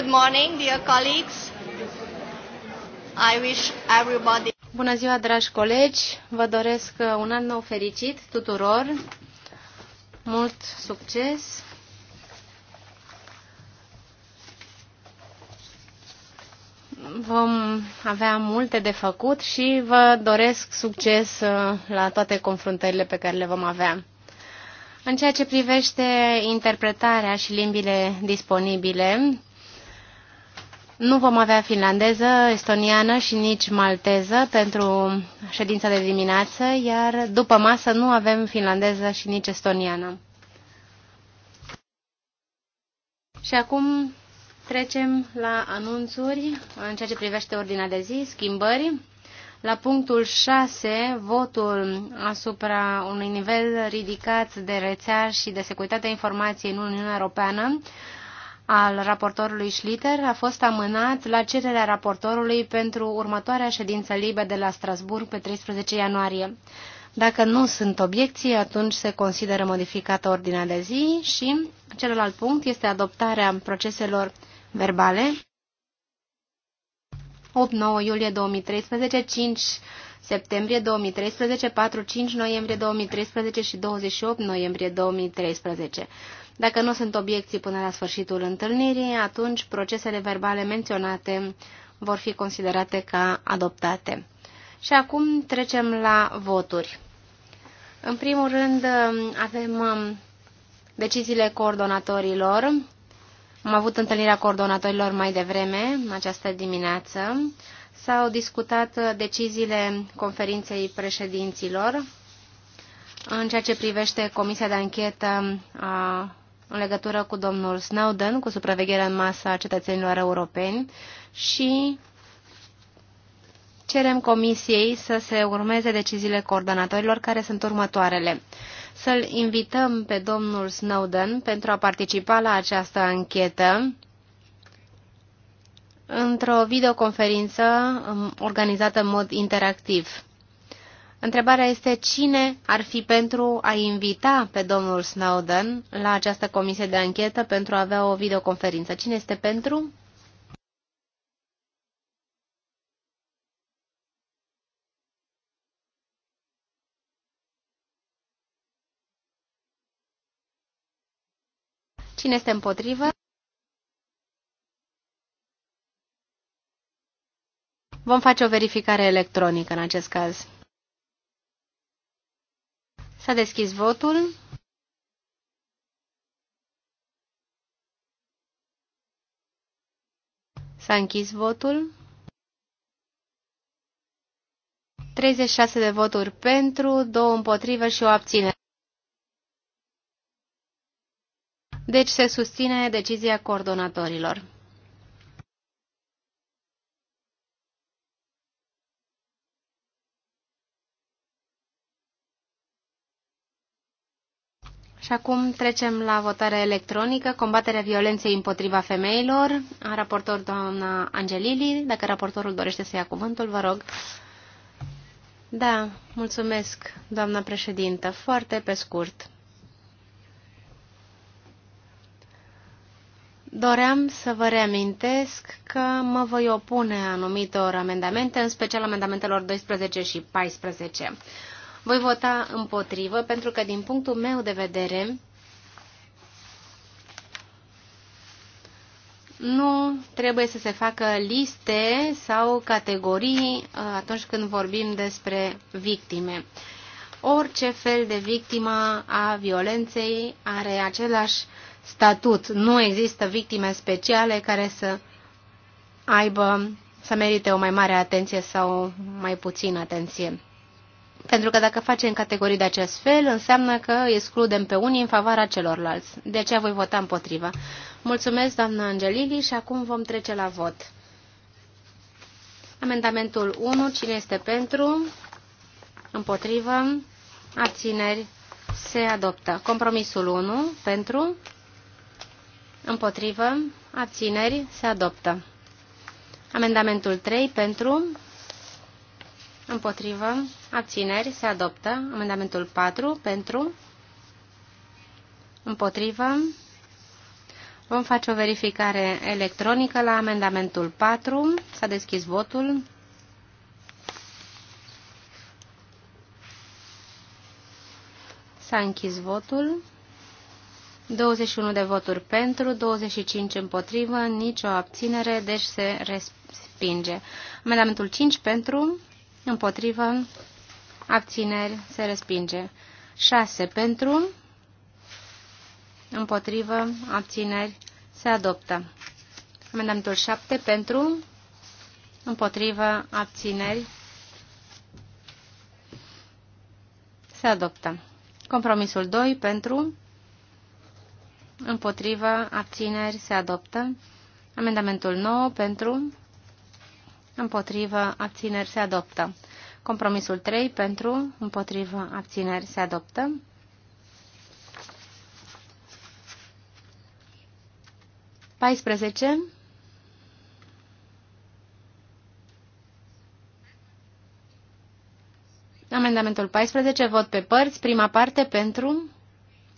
Good morning, dear colleagues. I wish everybody... Bună ziua, dragi colegi! Vă doresc uh, un an nou fericit tuturor, mult succes! Vom avea multe de făcut și vă doresc succes uh, la toate confruntările pe care le vom avea. În ceea ce privește interpretarea și limbile disponibile, nu vom avea finlandeză, estoniană și nici malteză pentru ședința de dimineață, iar după masă nu avem finlandeză și nici estoniană. Și acum trecem la anunțuri în ceea ce privește ordinea de zi, schimbări. La punctul 6, votul asupra unui nivel ridicat de rețea și de securitatea informației în Uniunea Europeană, al raportorului Schlitter a fost amânat la cererea raportorului pentru următoarea ședință liberă de la Strasburg pe 13 ianuarie. Dacă nu sunt obiecții, atunci se consideră modificată ordinea de zi și celălalt punct este adoptarea proceselor verbale 8-9 iulie 2013, 5 septembrie 2013, 4-5 noiembrie 2013 și 28 noiembrie 2013. Dacă nu sunt obiecții până la sfârșitul întâlnirii, atunci procesele verbale menționate vor fi considerate ca adoptate. Și acum trecem la voturi. În primul rând avem um, deciziile coordonatorilor. Am avut întâlnirea coordonatorilor mai devreme, această dimineață. S-au discutat uh, deciziile conferinței președinților în ceea ce privește Comisia de Anchetă a uh, în legătură cu domnul Snowden, cu supravegherea în masă a cetățenilor europeni și cerem comisiei să se urmeze deciziile coordonatorilor care sunt următoarele. Să-l invităm pe domnul Snowden pentru a participa la această anchetă într-o videoconferință um, organizată în mod interactiv. Întrebarea este cine ar fi pentru a invita pe domnul Snowden la această comisie de anchetă pentru a avea o videoconferință. Cine este pentru? Cine este împotrivă? Vom face o verificare electronică în acest caz. S-a deschis votul. S-a închis votul. 36 de voturi pentru, 2 împotrivă și o abține. Deci se susține decizia coordonatorilor. Și acum trecem la votarea electronică, combaterea violenței împotriva femeilor. Raportor doamna Angelili, dacă raportorul dorește să ia cuvântul, vă rog. Da, mulțumesc, doamna președintă, foarte pe scurt. Doream să vă reamintesc că mă voi opune anumitor amendamente, în special amendamentelor 12 și 14. Voi vota împotrivă pentru că, din punctul meu de vedere, nu trebuie să se facă liste sau categorii uh, atunci când vorbim despre victime. Orice fel de victimă a violenței are același statut. Nu există victime speciale care să aibă, să merite o mai mare atenție sau mai puțină atenție. Pentru că dacă facem categorii de acest fel, înseamnă că excludem pe unii în favoarea celorlalți. De aceea voi vota împotriva. Mulțumesc, doamna Angelili, și acum vom trece la vot. Amendamentul 1. Cine este pentru? Împotrivă? Abțineri? Se adoptă. Compromisul 1. Pentru? Împotrivă? Abțineri? Se adoptă. Amendamentul 3. Pentru? împotrivă, abțineri, se adoptă. Amendamentul 4 pentru, împotrivă. Vom face o verificare electronică la amendamentul 4. S-a deschis votul. S-a închis votul. 21 de voturi pentru, 25 împotrivă, nicio abținere, deci se respinge. Amendamentul 5 pentru, împotrivă, abțineri, se respinge. 6 pentru, împotrivă, abțineri, se adoptă. Amendamentul 7 pentru, împotrivă, abțineri, se adoptă. Compromisul 2 pentru, împotrivă, abțineri, se adoptă. Amendamentul 9 pentru, împotrivă, abțineri se adoptă. Compromisul 3 pentru, împotrivă, abțineri se adoptă. Paisprezece. Amendamentul 14, vot pe părți, prima parte pentru,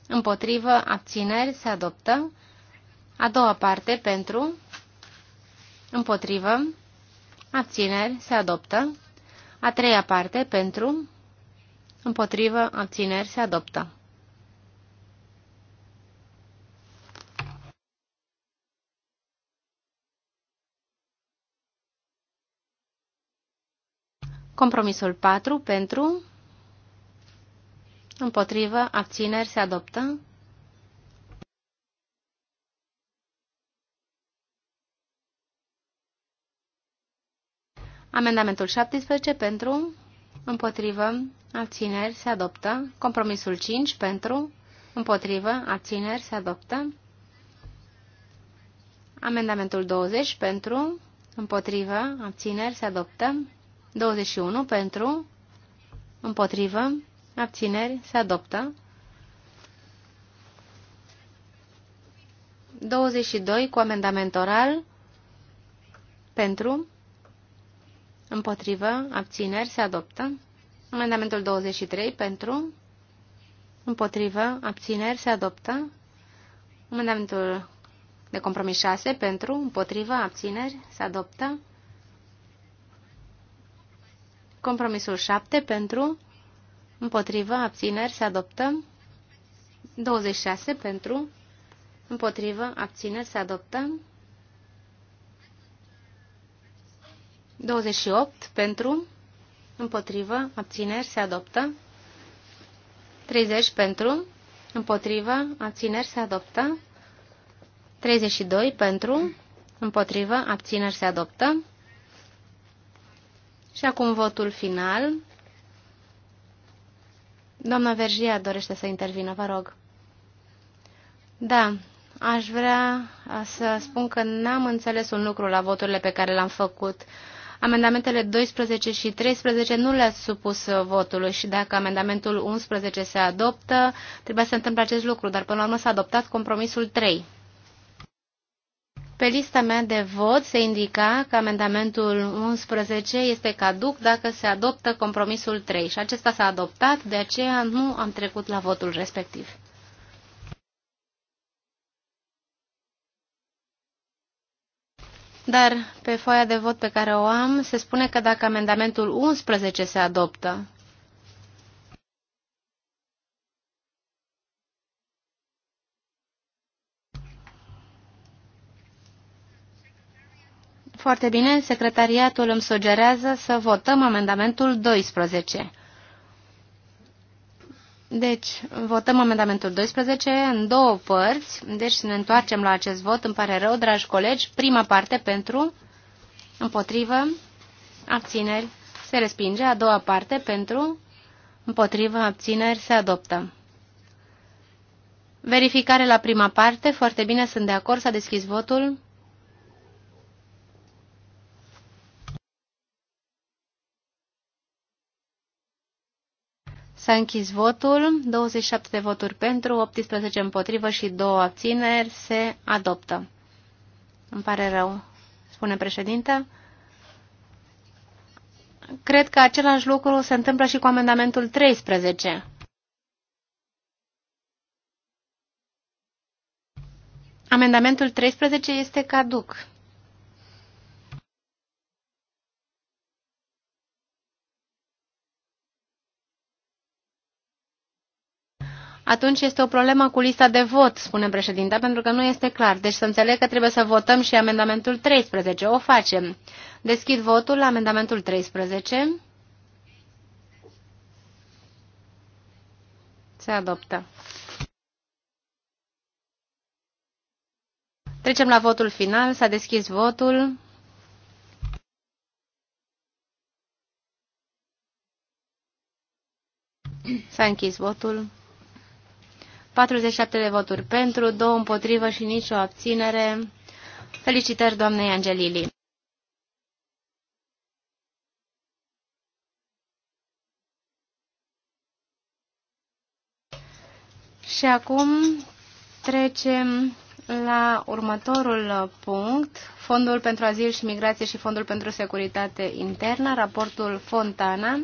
împotrivă, abțineri, se adoptă. A doua parte pentru, împotrivă, abțineri, se adoptă. A treia parte, pentru, împotrivă, abțineri, se adoptă. Compromisul 4, pentru, împotrivă, abțineri, se adoptă. Amendamentul 17 pentru, împotrivă, abțineri, se adoptă. Compromisul 5 pentru, împotrivă, abțineri, se adoptă. Amendamentul 20 pentru, împotrivă, abțineri, se adoptă. 21 pentru, împotrivă, abțineri, se adoptă. 22 cu amendament oral pentru, Împotrivă, abțineri, se adoptă. Amendamentul 23 pentru. Împotrivă, abțineri, se adoptă. Amendamentul de compromis 6 pentru. Împotrivă, abțineri, se adoptă. Compromisul 7 pentru. Împotrivă, abțineri, se adoptă. 26 pentru. Împotrivă, abțineri, se adoptă. 28 pentru, împotrivă, abțineri, se adoptă. 30 pentru, împotrivă, abțineri, se adoptă. 32 pentru, împotrivă, abțineri, se adoptă. Și acum votul final. Doamna Vergia dorește să intervină, vă rog. Da, aș vrea să spun că n-am înțeles un lucru la voturile pe care le-am făcut. Uh, Amendamentele 12 și 13 nu le-ați supus uh, votului și dacă amendamentul 11 se adoptă, trebuie să întâmple acest lucru, dar până la urmă s-a adoptat compromisul 3. Pe lista mea de vot se indica că amendamentul 11 este caduc dacă se adoptă compromisul 3 și acesta s-a adoptat, de aceea nu am trecut la votul respectiv. Dar pe foaia de vot pe care o am se spune că dacă amendamentul 11 se adoptă, Foarte bine, secretariatul îmi sugerează să votăm amendamentul 12. Deci, votăm amendamentul 12 în două părți. Deci, ne întoarcem la acest vot. Îmi pare rău, dragi colegi. Prima parte pentru, împotrivă, abțineri, se respinge. A doua parte pentru, împotrivă, abțineri, se adoptă. Verificare la prima parte. Foarte bine, sunt de acord. S-a deschis votul. S-a închis votul, 27 de voturi pentru, 18 împotrivă și 2 abțineri. Se adoptă. Îmi pare rău, spune președinta. Cred că același lucru se întâmplă și cu amendamentul 13. Amendamentul 13 este caduc. atunci este o problemă cu lista de vot, spune președinta, pentru că nu este clar. Deci să înțeleg că trebuie să votăm și amendamentul 13. O facem. Deschid votul la amendamentul 13. Se adoptă. Trecem la votul final. S-a deschis votul. S-a închis votul. 47 de voturi pentru, 2 împotrivă și nicio abținere. Felicitări doamnei Angelili! Și acum trecem la următorul punct, Fondul pentru Azil și Migrație și Fondul pentru Securitate Internă, raportul Fontana.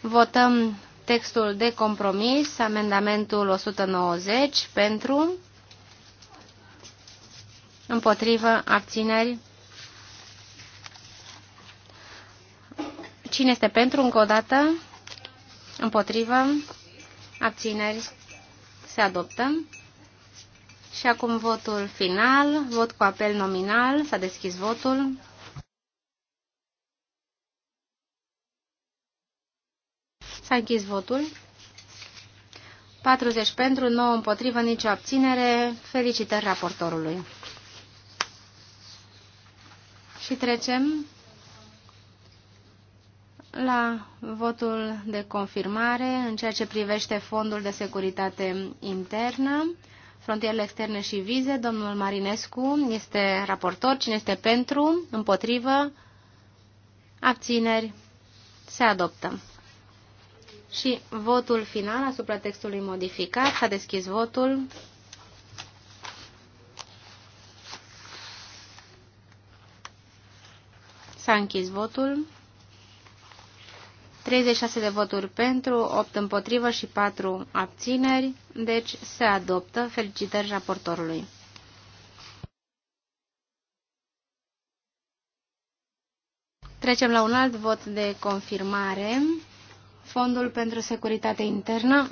Votăm textul de compromis, amendamentul 190 pentru, împotrivă, abțineri. Cine este pentru, încă o dată, împotrivă, abțineri, se adoptă. Și acum votul final, vot cu apel nominal, s-a deschis votul. S-a închis votul. 40 pentru, 9 împotrivă, nicio abținere. Felicitări raportorului. Și trecem la votul de confirmare în ceea ce privește fondul de securitate internă, frontierele externe și vize. Domnul Marinescu este raportor. Cine este pentru? Împotrivă? Abțineri? Se adoptă. Și votul final asupra textului modificat. S-a deschis votul. S-a închis votul. 36 de voturi pentru, 8 împotrivă și 4 abțineri, deci se adoptă. Felicitări raportorului. Trecem la un alt vot de confirmare. Fondul pentru Securitate Internă,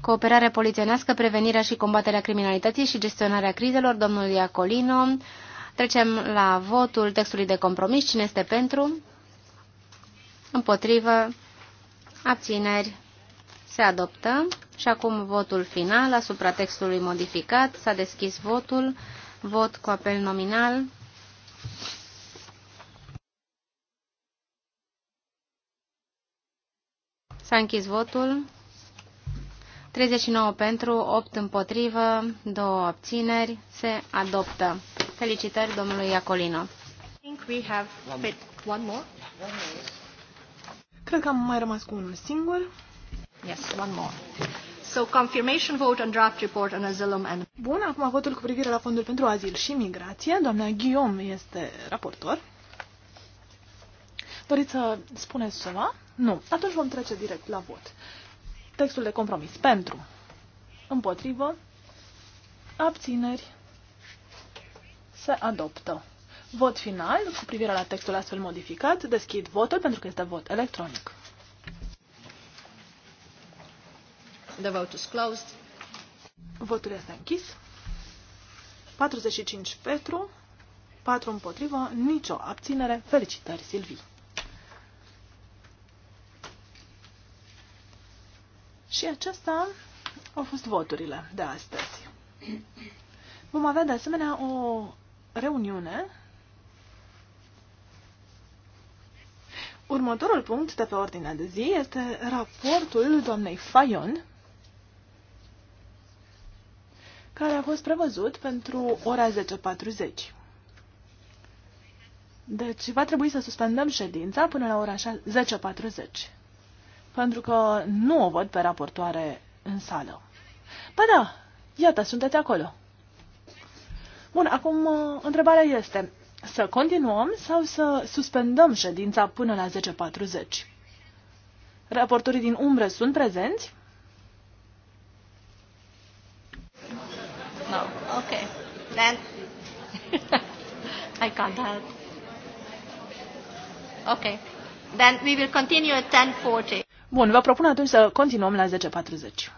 Cooperare polițienească, prevenirea și combaterea criminalității și gestionarea crizelor, domnul Iacolino. Trecem la votul textului de compromis. Cine este pentru? Împotrivă? Abțineri? Se adoptă. Și acum votul final asupra textului modificat. S-a deschis votul. Vot cu apel nominal. S-a închis votul. 39 pentru, 8 împotrivă, 2 abțineri. Se adoptă. Felicitări domnului Iacolino. Cred că am mai rămas cu unul singur. Yes, one more. So confirmation vote on draft report on asylum and... Bun, acum votul cu privire la fondul pentru azil și migrație. Doamna Guillaume este raportor. Doriți să spuneți ceva? Nu. Atunci vom trece direct la vot. Textul de compromis. Pentru. Împotrivă. Abțineri. Se adoptă. Vot final cu privire la textul astfel modificat. Deschid votul pentru că este vot electronic. The vote is closed. Votul este închis. 45 pentru, 4 împotrivă, nicio abținere. Felicitări, Silvii! Și acestea au fost voturile de astăzi. Vom avea de asemenea o reuniune. Următorul punct de pe ordinea de zi este raportul doamnei Fayon, care a fost prevăzut pentru ora 10.40. Deci va trebui să suspendăm ședința până la ora 10.40 pentru că nu o văd pe raportoare în sală. Ba da, iată, sunteți acolo. Bun, acum uh, întrebarea este să continuăm sau să suspendăm ședința până la 10.40? Raportorii din umbră sunt prezenți? No, ok. Then I can't help. Okay. Then we will continue at 10.40. Bun, vă propun atunci să continuăm la 10.40.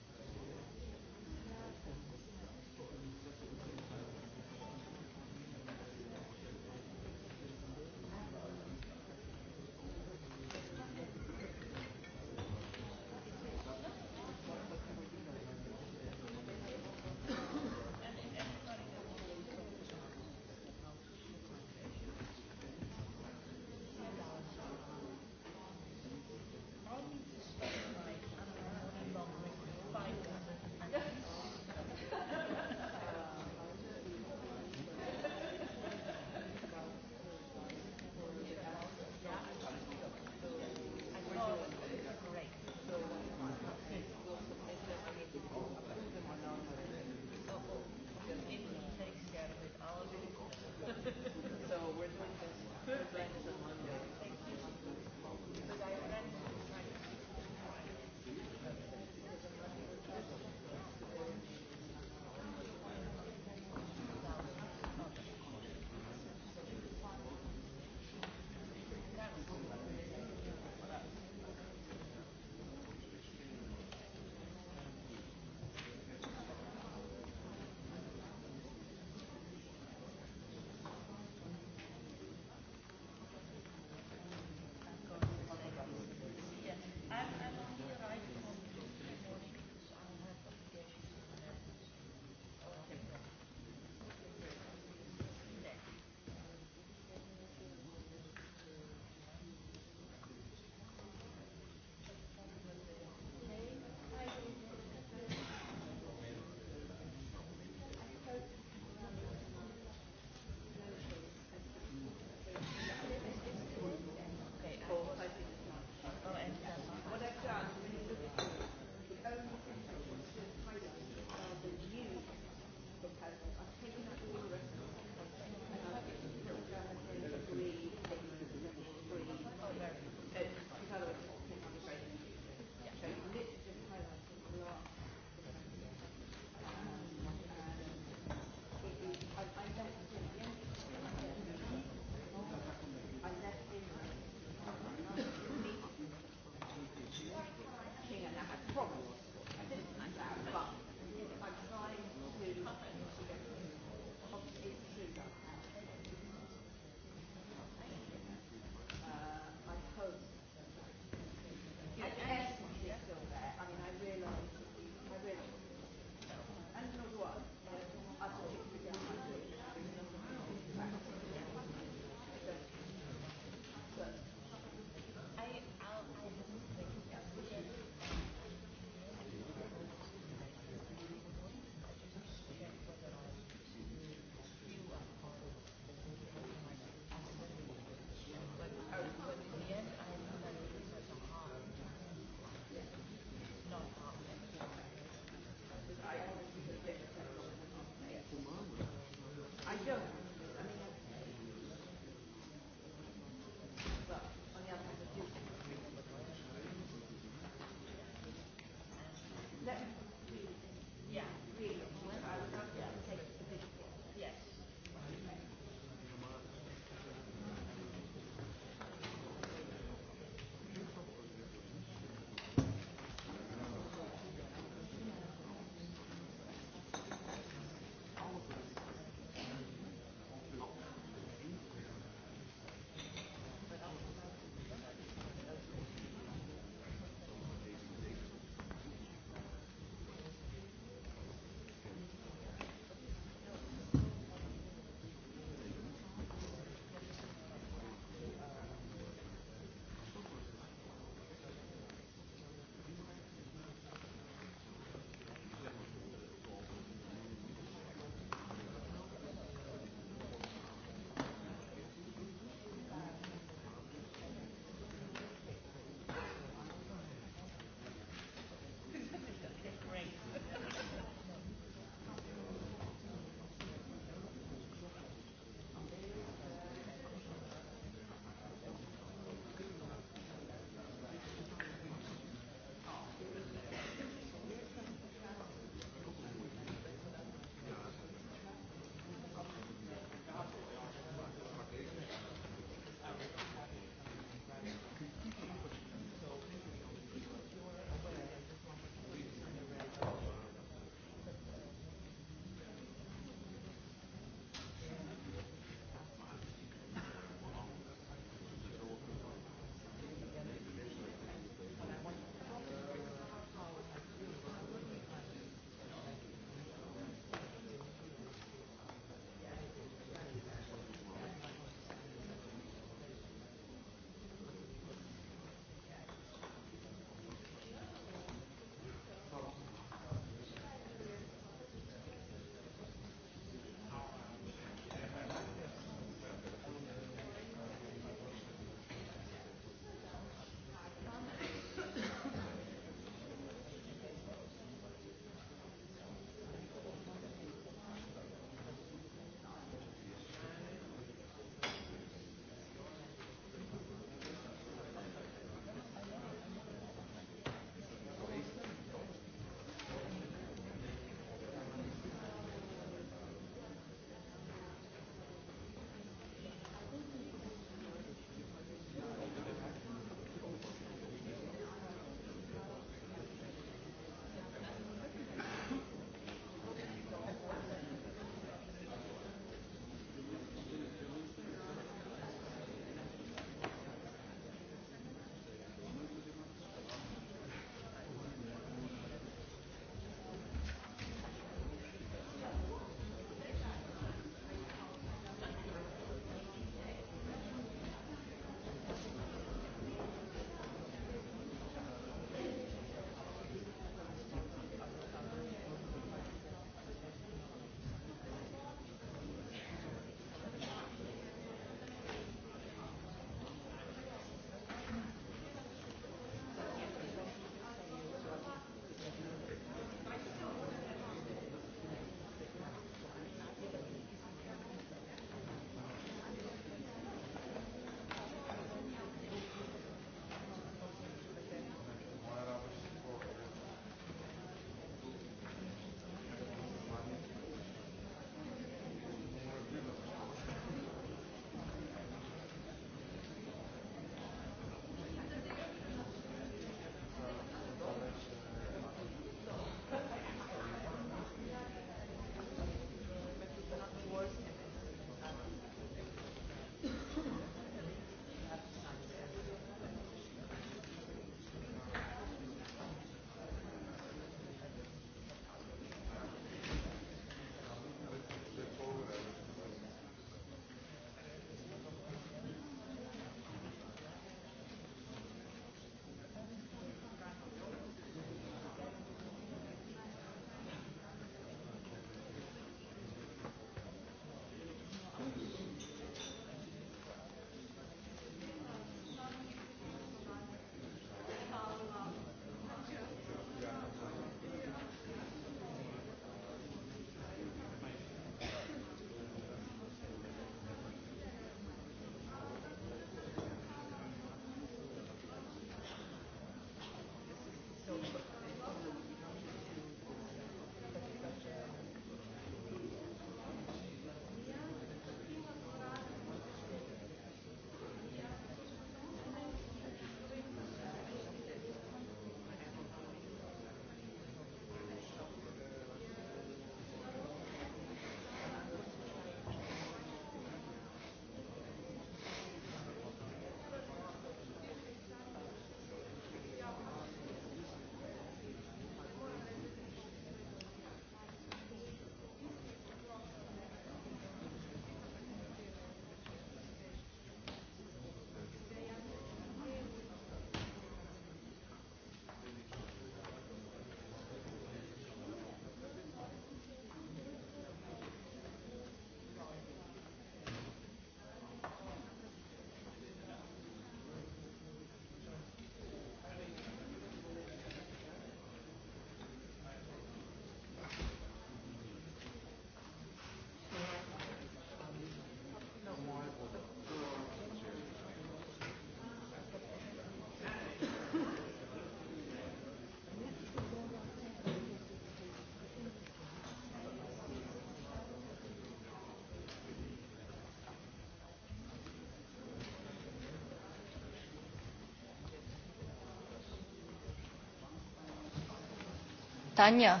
Tanya,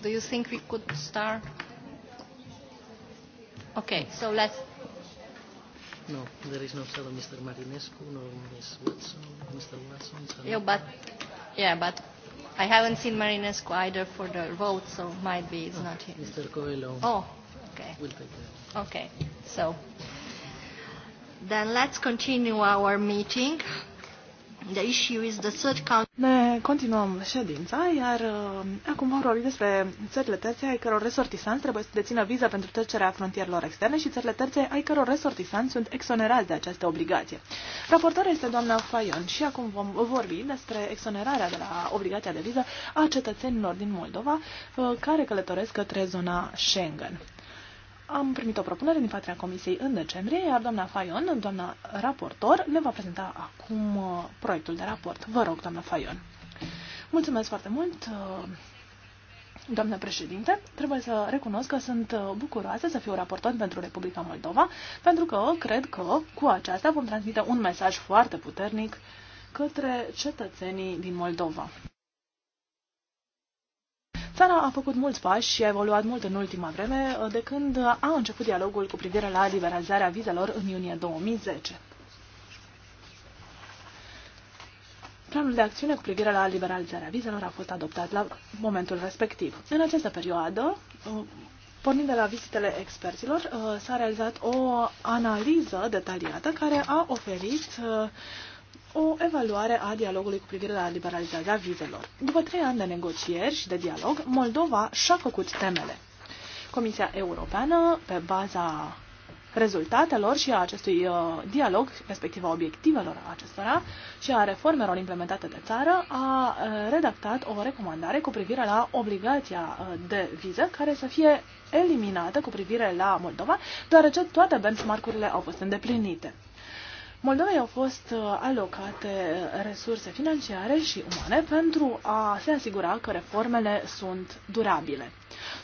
do you think we could start? Okay, so let's. No, there is no fellow Mr. Marinescu, no Ms. Watson, Mr. Watson. So yeah, but yeah, but I haven't seen Marinescu either for the vote, so might be it's oh, not here. Mr. Coelho. Oh, okay. We'll take that. Okay, so then let's continue our meeting. The issue is the third country. Ne continuăm ședința, iar uh, acum vom vorbi despre țările terțe ai căror resortisanți trebuie să dețină viză pentru trecerea frontierelor externe și țările terțe ai căror resortisanți sunt exonerați de această obligație. Raportarea este doamna Fayon și acum vom vorbi despre exonerarea de la obligația de viză a cetățenilor din Moldova uh, care călătoresc către zona Schengen. Am primit o propunere din partea Comisiei în decembrie, iar doamna Fayon, doamna raportor, ne va prezenta acum uh, proiectul de raport. Vă rog, doamna Fayon. Mulțumesc foarte mult, uh, doamnă președinte. Trebuie să recunosc că sunt uh, bucuroasă să fiu raportor pentru Republica Moldova, pentru că cred că cu aceasta vom transmite un mesaj foarte puternic către cetățenii din Moldova. Țara a făcut mulți pași și a evoluat mult în ultima vreme de când a început dialogul cu privire la liberalizarea vizelor în iunie 2010. Planul de acțiune cu privire la liberalizarea vizelor a fost adoptat la momentul respectiv. În această perioadă, uh, pornind de la vizitele experților, uh, s-a realizat o analiză detaliată care a oferit uh, o evaluare a dialogului cu privire la liberalizarea vizelor. După trei ani de negocieri și de dialog, Moldova și-a făcut temele. Comisia Europeană, pe baza rezultatelor și a acestui uh, dialog, respectiv a obiectivelor acestora și a reformelor implementate de țară, a uh, redactat o recomandare cu privire la obligația uh, de viză care să fie eliminată cu privire la Moldova, deoarece toate benchmark-urile au fost îndeplinite. Moldovei au fost uh, alocate uh, resurse financiare și umane pentru a se asigura că reformele sunt durabile.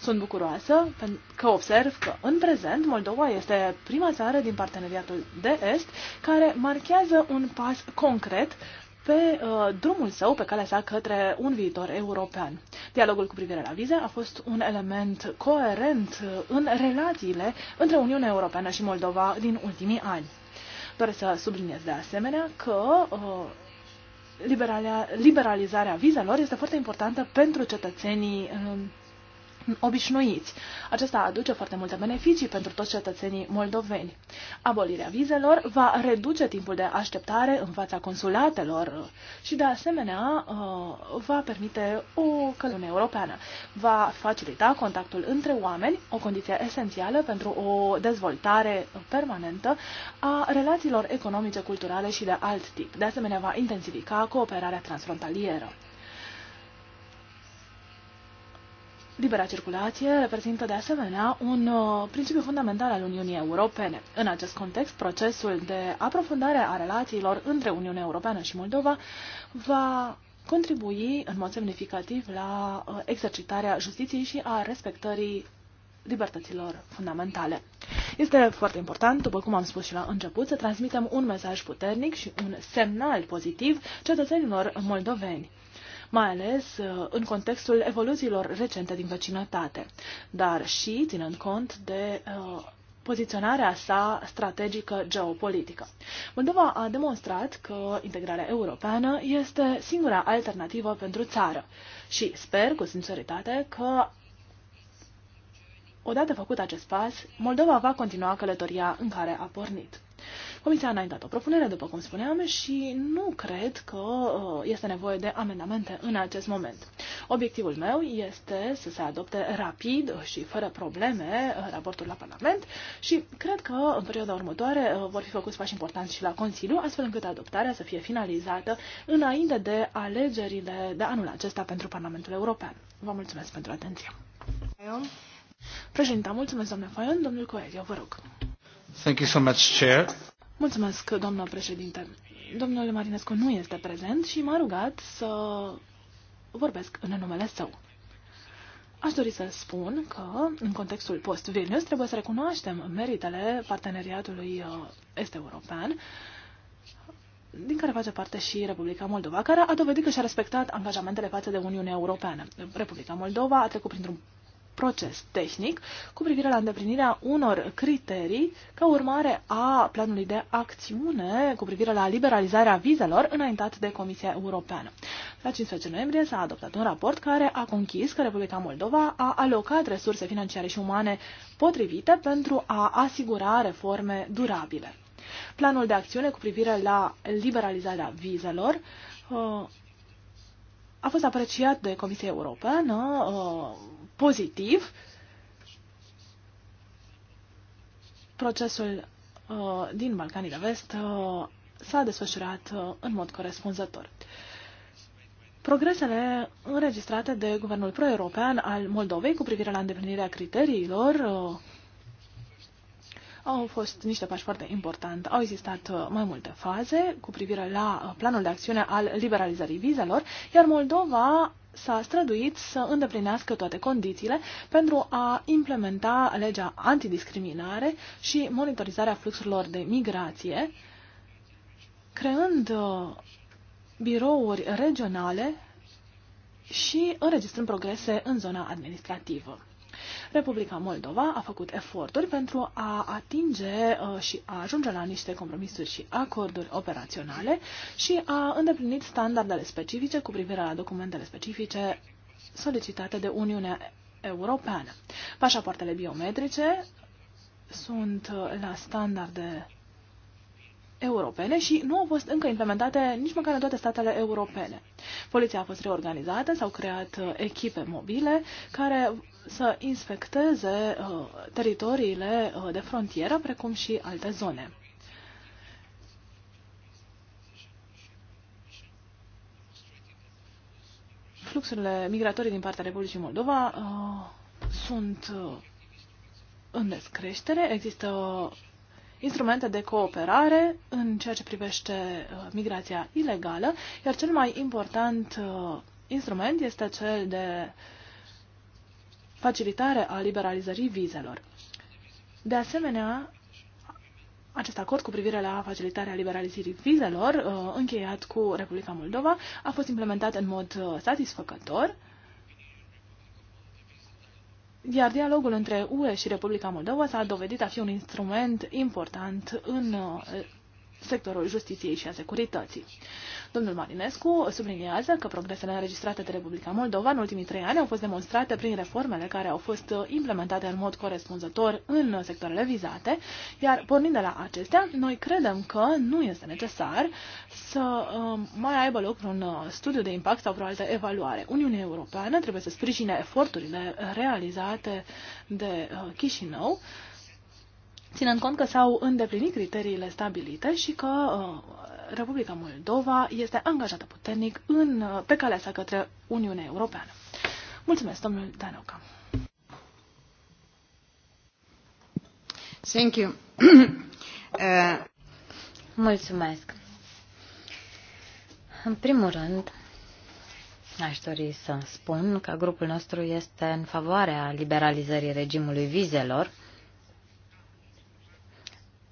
Sunt bucuroasă că observ că în prezent Moldova este prima țară din parteneriatul de est care marchează un pas concret pe uh, drumul său, pe calea sa către un viitor european. Dialogul cu privire la vize a fost un element coerent uh, în relațiile între Uniunea Europeană și Moldova din ultimii ani. Doresc să subliniez de asemenea că uh, liberalizarea vizelor este foarte importantă pentru cetățenii uh, obișnuiți. Acesta aduce foarte multe beneficii pentru toți cetățenii moldoveni. Abolirea vizelor va reduce timpul de așteptare în fața consulatelor și, de asemenea, uh, va permite o călătorie europeană. Va facilita contactul între oameni, o condiție esențială pentru o dezvoltare permanentă a relațiilor economice, culturale și de alt tip. De asemenea, va intensifica cooperarea transfrontalieră. Libera circulație reprezintă de asemenea un uh, principiu fundamental al Uniunii Europene. În acest context, procesul de aprofundare a relațiilor între Uniunea Europeană și Moldova va contribui în mod semnificativ la uh, exercitarea justiției și a respectării libertăților fundamentale. Este foarte important, după cum am spus și la început, să transmitem un mesaj puternic și un semnal pozitiv cetățenilor moldoveni mai ales uh, în contextul evoluțiilor recente din vecinătate, dar și ținând cont de uh, poziționarea sa strategică geopolitică. Moldova a demonstrat că integrarea europeană este singura alternativă pentru țară și sper cu sinceritate că Odată făcut acest pas, Moldova va continua călătoria în care a pornit. Comisia a înaintat o propunere, după cum spuneam, și nu cred că uh, este nevoie de amendamente în acest moment. Obiectivul meu este să se adopte rapid și fără probleme uh, raportul la Parlament și cred că în perioada următoare uh, vor fi făcuți pași importanți și la Consiliu, astfel încât adoptarea să fie finalizată înainte de alegerile de anul acesta pentru Parlamentul European. Vă mulțumesc pentru atenție! Președinta, mulțumesc, doamne Fayon. Domnul Coelho, vă rog. Thank you so much, Chair. Mulțumesc, doamnă președinte. Domnul Marinescu nu este prezent și m-a rugat să vorbesc în numele său. Aș dori să spun că, în contextul post-Vilnius, trebuie să recunoaștem meritele parteneriatului uh, este european din care face parte și Republica Moldova, care a dovedit că și-a respectat angajamentele față de Uniunea Europeană. Republica Moldova a trecut printr-un proces tehnic cu privire la îndeplinirea unor criterii ca urmare a planului de acțiune cu privire la liberalizarea vizelor înaintat de Comisia Europeană. La 15 noiembrie s-a adoptat un raport care a conchis că Republica Moldova a alocat resurse financiare și umane potrivite pentru a asigura reforme durabile. Planul de acțiune cu privire la liberalizarea vizelor uh, a fost apreciat de Comisia Europeană uh, pozitiv. Procesul uh, din Balcanii de Vest uh, s-a desfășurat uh, în mod corespunzător. Progresele înregistrate de guvernul pro-european al Moldovei cu privire la îndeplinirea criteriilor uh, au fost niște pași foarte importante. Au existat uh, mai multe faze cu privire la uh, planul de acțiune al liberalizării vizelor, iar Moldova s-a străduit să îndeplinească toate condițiile pentru a implementa legea antidiscriminare și monitorizarea fluxurilor de migrație, creând uh, birouri regionale și înregistrând progrese în zona administrativă. Republica Moldova a făcut eforturi pentru a atinge uh, și a ajunge la niște compromisuri și acorduri operaționale și a îndeplinit standardele specifice cu privire la documentele specifice solicitate de Uniunea Europeană. Pașapoartele biometrice sunt uh, la standarde europene și nu au fost încă implementate nici măcar în toate statele europene. Poliția a fost reorganizată, s-au creat uh, echipe mobile care să inspecteze uh, teritoriile uh, de frontieră, precum și alte zone. Fluxurile migratorii din partea Republicii Moldova uh, sunt în descreștere, există instrumente de cooperare în ceea ce privește uh, migrația ilegală, iar cel mai important uh, instrument este cel de facilitare a liberalizării vizelor. De asemenea, acest acord cu privire la facilitarea liberalizării vizelor, uh, încheiat cu Republica Moldova, a fost implementat în mod satisfăcător iar dialogul între UE și Republica Moldova s-a dovedit a fi un instrument important în uh, sectorul justiției și a securității. Domnul Marinescu subliniază că progresele înregistrate de Republica Moldova în ultimii trei ani au fost demonstrate prin reformele care au fost uh, implementate în mod corespunzător în sectoarele vizate, iar pornind de la acestea, noi credem că nu este necesar să um, mai aibă loc un uh, studiu de impact sau vreo altă evaluare. Uniunea Europeană trebuie să sprijine eforturile realizate de uh, Chișinău ținând cont că s-au îndeplinit criteriile stabilite și că uh, Republica Moldova este angajată puternic în, uh, pe calea sa către Uniunea Europeană. Mulțumesc, domnul Danoca. Thank you. uh... Mulțumesc. În primul rând, Aș dori să spun că grupul nostru este în favoarea liberalizării regimului vizelor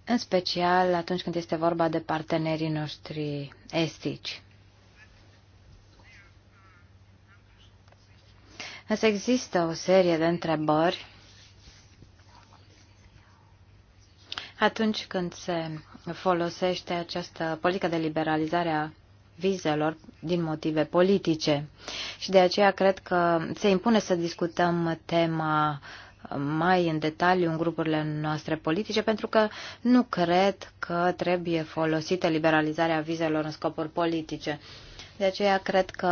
în special atunci când este vorba de partenerii noștri estici. Însă există o serie de întrebări atunci când se folosește această politică de liberalizare a vizelor din motive politice. Și de aceea cred că se impune să discutăm tema uh, mai în detaliu în grupurile noastre politice, pentru că nu cred că trebuie folosită liberalizarea vizelor în scopuri politice. De aceea cred că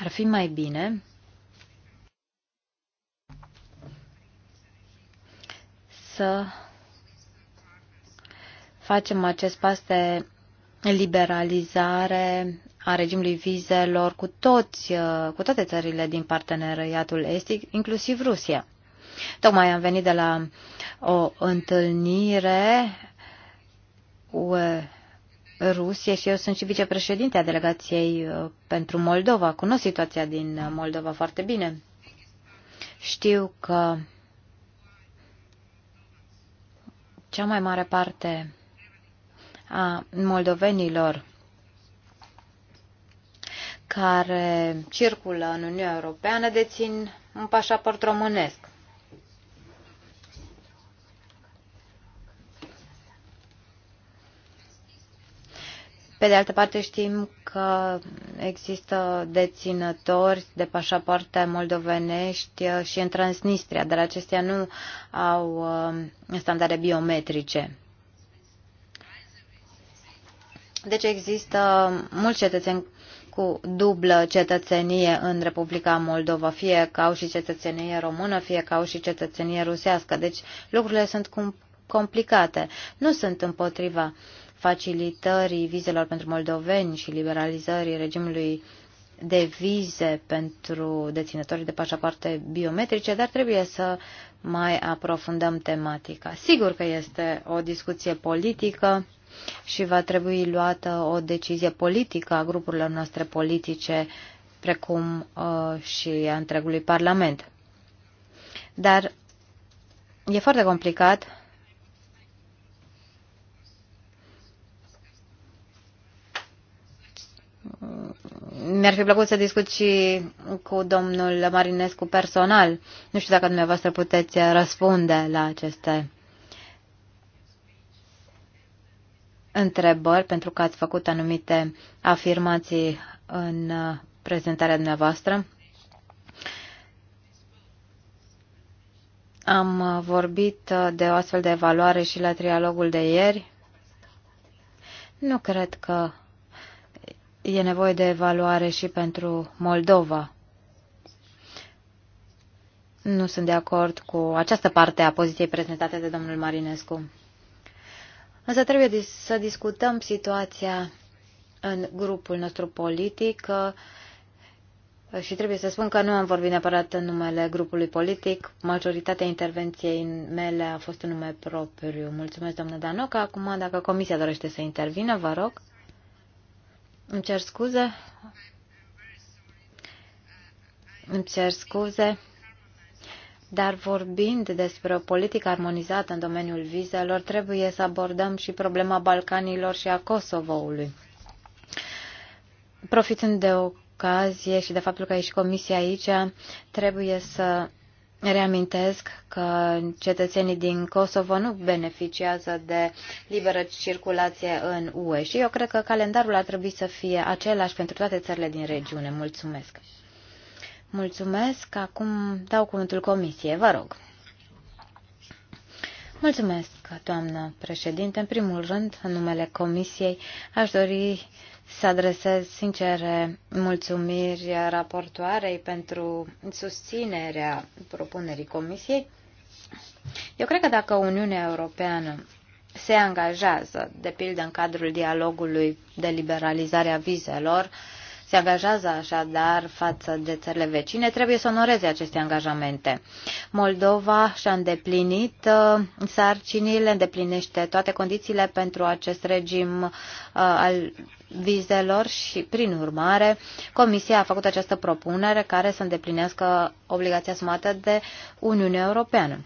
ar fi mai bine să facem acest pas de liberalizare a regimului vizelor cu, toți, uh, cu toate țările din parteneriatul estic, inclusiv Rusia. Tocmai am venit de la o întâlnire cu Rusie și eu sunt și vicepreședinte a delegației uh, pentru Moldova. Cunosc situația din uh, Moldova foarte bine. Știu că cea mai mare parte a moldovenilor care circulă în Uniunea Europeană dețin un pașaport românesc. Pe de altă parte știm că există deținători de pașapoarte moldovenești și în Transnistria, dar acestea nu au uh, standarde biometrice. Deci există mulți cetățeni cu dublă cetățenie în Republica Moldova, fie că au și cetățenie română, fie că au și cetățenie rusească. Deci lucrurile sunt complicate. Nu sunt împotriva facilitării vizelor pentru moldoveni și liberalizării regimului de vize pentru deținătorii de pașapoarte biometrice, dar trebuie să mai aprofundăm tematica. Sigur că este o discuție politică și va trebui luată o decizie politică a grupurilor noastre politice, precum uh, și a întregului Parlament. Dar e foarte complicat mi-ar fi plăcut să discut și cu domnul Marinescu personal. Nu știu dacă dumneavoastră puteți răspunde la aceste întrebări pentru că ați făcut anumite afirmații în uh, prezentarea dumneavoastră. Am uh, vorbit uh, de o astfel de evaluare și la trialogul de ieri. Nu cred că e nevoie de evaluare și pentru Moldova. Nu sunt de acord cu această parte a poziției prezentate de domnul Marinescu. Însă trebuie să discutăm situația în grupul nostru politic uh, și trebuie să spun că nu am vorbit neapărat în numele grupului politic. Majoritatea intervenției mele a fost în nume propriu. Mulțumesc, doamnă Danoca. Acum, dacă comisia dorește să intervină, vă rog. Îmi cer scuze. Îmi cer scuze. Dar vorbind despre o politică armonizată în domeniul vizelor, trebuie să abordăm și problema Balcanilor și a Kosovoului. Profitând de ocazie și de faptul că e și comisia aici, trebuie să reamintesc că cetățenii din Kosovo nu beneficiază de liberă circulație în UE și eu cred că calendarul ar trebui să fie același pentru toate țările din regiune. Mulțumesc! Mulțumesc. Acum dau cuvântul comisiei. Vă rog. Mulțumesc, doamnă președinte. În primul rând, în numele comisiei, aș dori să adresez sincere mulțumiri raportoarei pentru susținerea propunerii comisiei. Eu cred că dacă Uniunea Europeană se angajează, de pildă în cadrul dialogului de liberalizare a vizelor, uh, se angajează așadar față de țările vecine, trebuie să onoreze aceste angajamente. Moldova și-a îndeplinit uh, sarcinile, îndeplinește toate condițiile pentru acest regim uh, al vizelor și, prin urmare, Comisia a făcut această propunere care să îndeplinească obligația asumată de Uniunea Europeană.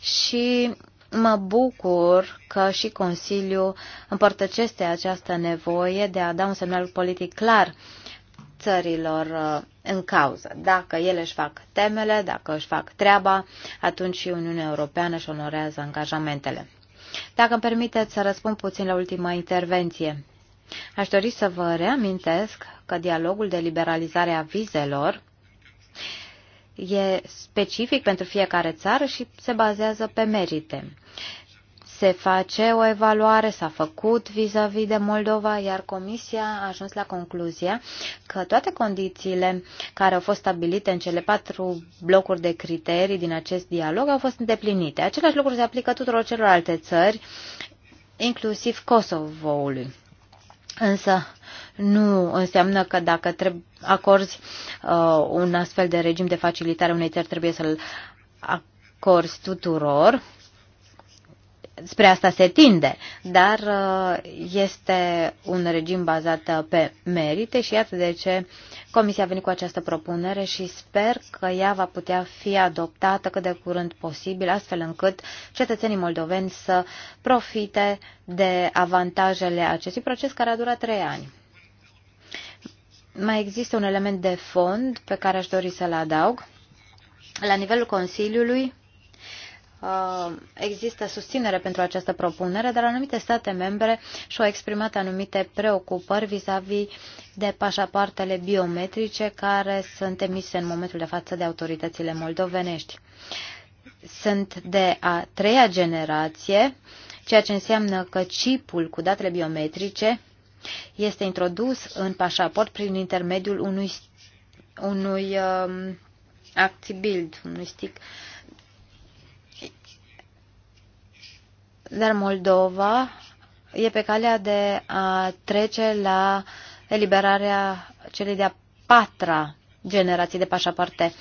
Și Mă bucur că și Consiliul împărtăcește această nevoie de a da un semnal politic clar țărilor uh, în cauză. Dacă ele își fac temele, dacă își fac treaba, atunci și Uniunea Europeană își onorează angajamentele. Dacă îmi permiteți să răspund puțin la ultima intervenție. Aș dori să vă reamintesc că dialogul de liberalizare a vizelor e specific pentru fiecare țară și se bazează pe merite. Se face o evaluare, s-a făcut vis-a-vis -vis de Moldova, iar Comisia a ajuns la concluzia că toate condițiile care au fost stabilite în cele patru blocuri de criterii din acest dialog au fost îndeplinite. Același lucru se aplică tuturor celorlalte țări, inclusiv Kosovoului. Însă, nu înseamnă că dacă acorzi uh, un astfel de regim de facilitare unei țări, trebuie să-l acorzi tuturor. Spre asta se tinde, dar uh, este un regim bazat pe merite și iată de ce Comisia a venit cu această propunere și sper că ea va putea fi adoptată cât de curând posibil, astfel încât cetățenii moldoveni să profite de avantajele acestui proces care a durat trei ani mai există un element de fond pe care aș dori să-l adaug. La nivelul Consiliului uh, există susținere pentru această propunere, dar anumite state membre și-au exprimat anumite preocupări vis-a-vis -vis de pașapoartele biometrice care sunt emise în momentul de față de autoritățile moldovenești. Sunt de a treia generație, ceea ce înseamnă că chipul cu datele biometrice este introdus în pașaport prin intermediul unui, unui um, act build, unui stick. Dar Moldova e pe calea de a trece la eliberarea celei de-a patra generații de pașapoarte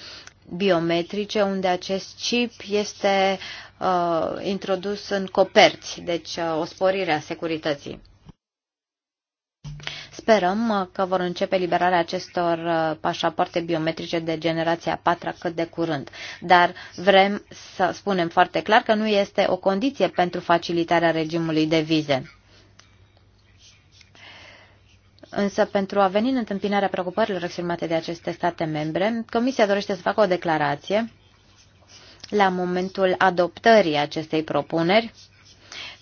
biometrice, unde acest chip este uh, introdus în coperți, deci uh, o sporire a securității. Sperăm uh, că vor începe liberarea acestor uh, pașapoarte biometrice de generația a patra cât de curând. Dar vrem să spunem foarte clar că nu este o condiție pentru facilitarea regimului de vize. Însă, pentru a veni în întâmpinarea preocupărilor exprimate de aceste state membre, Comisia dorește să facă o declarație la momentul adoptării acestei propuneri,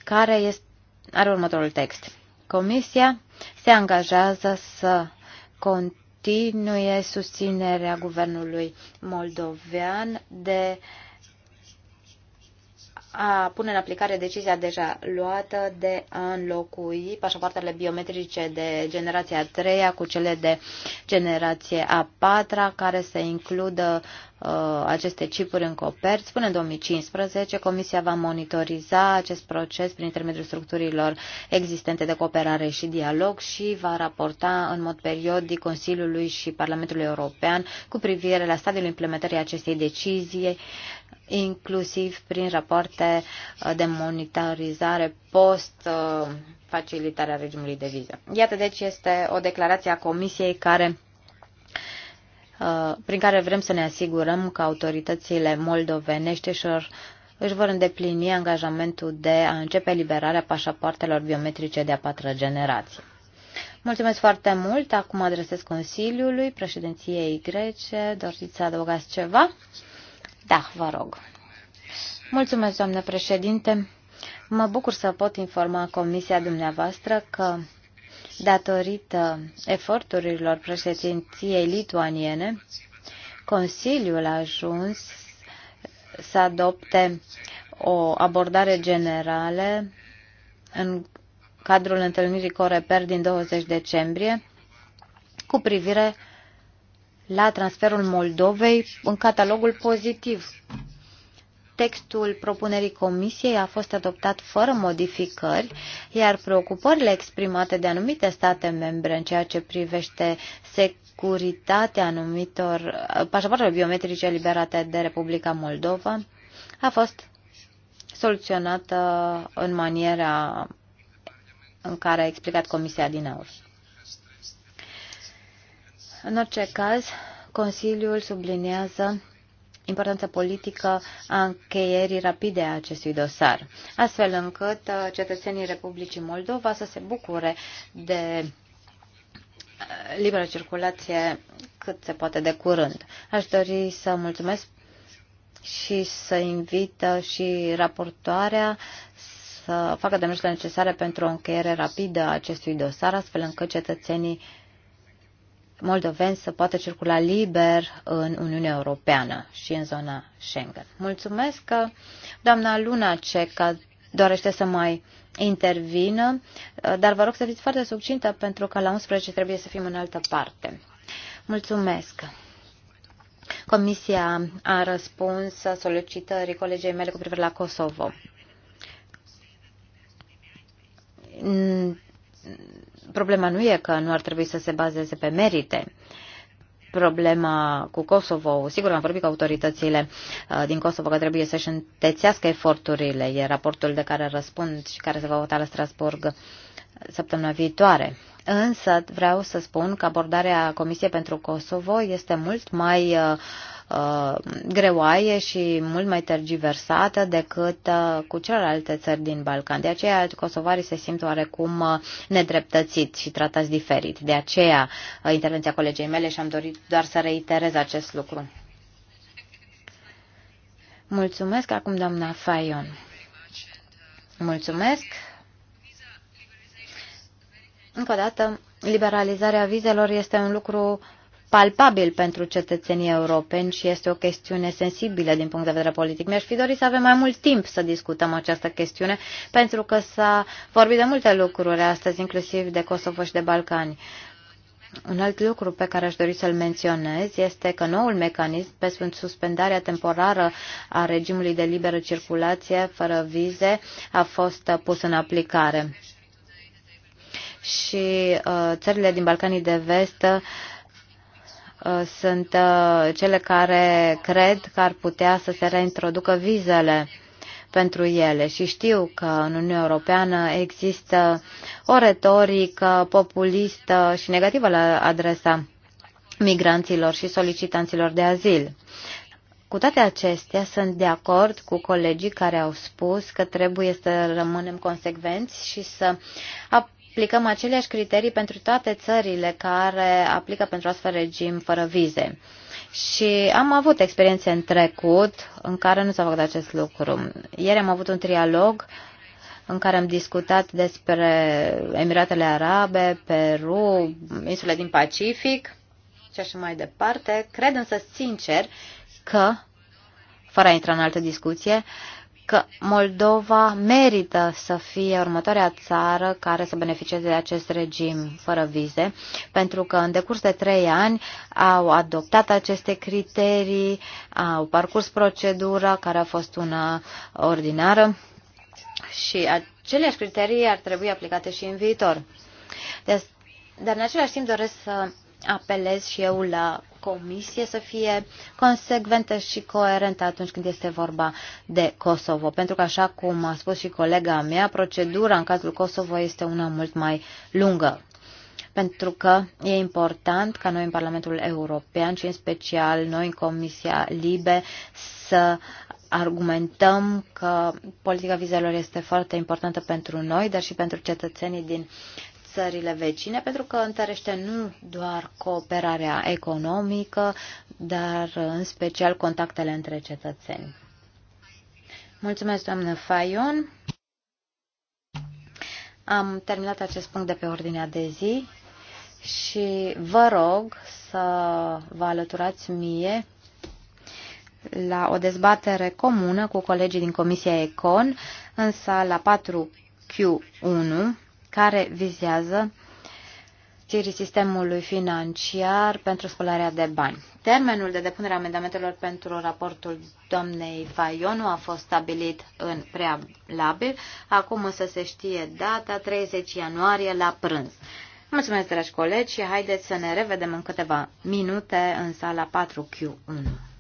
care este, are următorul text. Comisia se angajează să continue susținerea guvernului moldovean de a pune în aplicare decizia deja luată de a înlocui pașapoartele biometrice de generația a treia cu cele de generație a patra, care să includă Uh, aceste cipuri în coperți. Până în 2015, Comisia va monitoriza acest proces prin intermediul structurilor existente de cooperare și dialog și va raporta în mod periodic Consiliului și Parlamentului European cu privire la stadiul implementării acestei decizii, inclusiv prin rapoarte uh, de monitorizare post uh, facilitarea regimului de viză. Iată deci este o declarație a Comisiei care Uh, prin care vrem să ne asigurăm că autoritățile moldovenești își, vor îndeplini angajamentul de a începe liberarea pașapoartelor biometrice de a patra generație. Mulțumesc foarte mult. Acum adresez Consiliului, președinției grece. Doriți să adăugați ceva? Da, vă rog. Mulțumesc, doamne președinte. Mă bucur să pot informa comisia dumneavoastră că Datorită eforturilor președinției lituaniene, Consiliul a ajuns să adopte o abordare generală în cadrul întâlnirii Coreper din 20 decembrie cu privire la transferul Moldovei în catalogul pozitiv Textul propunerii comisiei a fost adoptat fără modificări, iar preocupările exprimate de anumite state membre în ceea ce privește securitatea anumitor pașapoartelor biometrice eliberate de Republica Moldova a fost soluționată în maniera în care a explicat Comisia din aur. În orice caz, Consiliul subliniază importanța politică a încheierii rapide a acestui dosar, astfel încât uh, cetățenii Republicii Moldova să se bucure de uh, liberă circulație cât se poate de curând. Aș dori să mulțumesc și să invit uh, și raportoarea să facă demersurile necesare pentru o încheiere rapidă a acestui dosar, astfel încât cetățenii moldoveni să poată circula liber în Uniunea Europeană și în zona Schengen. Mulțumesc că doamna Luna Ceca dorește să mai intervină, dar vă rog să fiți foarte succintă pentru că la 11 trebuie să fim în altă parte. Mulțumesc! Comisia a răspuns solicitării colegei mele cu privire la Kosovo problema nu e că nu ar trebui să se bazeze pe merite. Problema cu Kosovo, sigur am vorbit cu autoritățile uh, din Kosovo că trebuie să-și întețească eforturile. E raportul de care răspund și care se va vota la Strasburg săptămâna viitoare. Însă vreau să spun că abordarea Comisiei pentru Kosovo este mult mai uh, Uh, greoaie și mult mai tergiversată decât uh, cu celelalte țări din Balcan. De aceea kosovarii se simt oarecum uh, nedreptățiți și tratați diferit. De aceea intervenția colegei mele și am dorit doar să reiterez acest lucru. Mulțumesc acum doamna Fayon. Mulțumesc. Încă o dată, liberalizarea vizelor este un lucru uh, palpabil pentru cetățenii europeni și este o chestiune sensibilă din punct de vedere politic. Mi-aș fi dorit să avem mai mult timp să discutăm această chestiune, pentru că s-a vorbit de multe lucruri astăzi, inclusiv de Kosovo și de Balcani. Un alt lucru pe care aș dori să-l menționez este că noul mecanism pentru suspendarea temporară a regimului de liberă circulație fără vize a fost pus în aplicare. Și uh, țările din Balcanii de Vest uh, Uh, sunt uh, cele care cred că ar putea să se reintroducă vizele pentru ele și știu că în Uniunea Europeană există o retorică populistă și negativă la adresa migranților și solicitanților de azil. Cu toate acestea, sunt de acord cu colegii care au spus că trebuie să rămânem consecvenți și să ap- aplicăm aceleași criterii pentru toate țările care aplică pentru astfel regim fără vize. Și am avut experiențe în trecut în care nu s-a făcut acest lucru. Ieri am avut un trialog în care am discutat despre Emiratele Arabe, Peru, insule din Pacific și așa mai departe. Cred însă sincer că, fără a intra în altă discuție, că Moldova merită să fie următoarea țară care să beneficieze de acest regim fără vize, pentru că în decurs de trei ani au adoptat aceste criterii, au parcurs procedura care a fost una ordinară și aceleași criterii ar trebui aplicate și în viitor. dar în același timp doresc să apelez și eu la Comisie să fie consecventă și coerentă atunci când este vorba de Kosovo. Pentru că, așa cum a spus și colega mea, procedura în cazul Kosovo este una mult mai lungă. Pentru că e important ca noi în Parlamentul European și în special noi în Comisia Libe să argumentăm că politica vizelor este foarte importantă pentru noi, dar și pentru cetățenii din țările vecine, pentru că întărește nu doar cooperarea economică, dar în special contactele între cetățeni. Mulțumesc, doamnă Fayon. Am terminat acest punct de pe ordinea de zi și vă rog să vă alăturați mie la o dezbatere comună cu colegii din Comisia Econ în sala 4Q1 care vizează țirii sistemului financiar pentru spălarea de bani. Termenul de depunere a amendamentelor pentru raportul doamnei Fayon a fost stabilit în prealabil, acum să se știe data 30 ianuarie la prânz. Mulțumesc, dragi colegi, și haideți să ne revedem în câteva minute în sala 4Q1.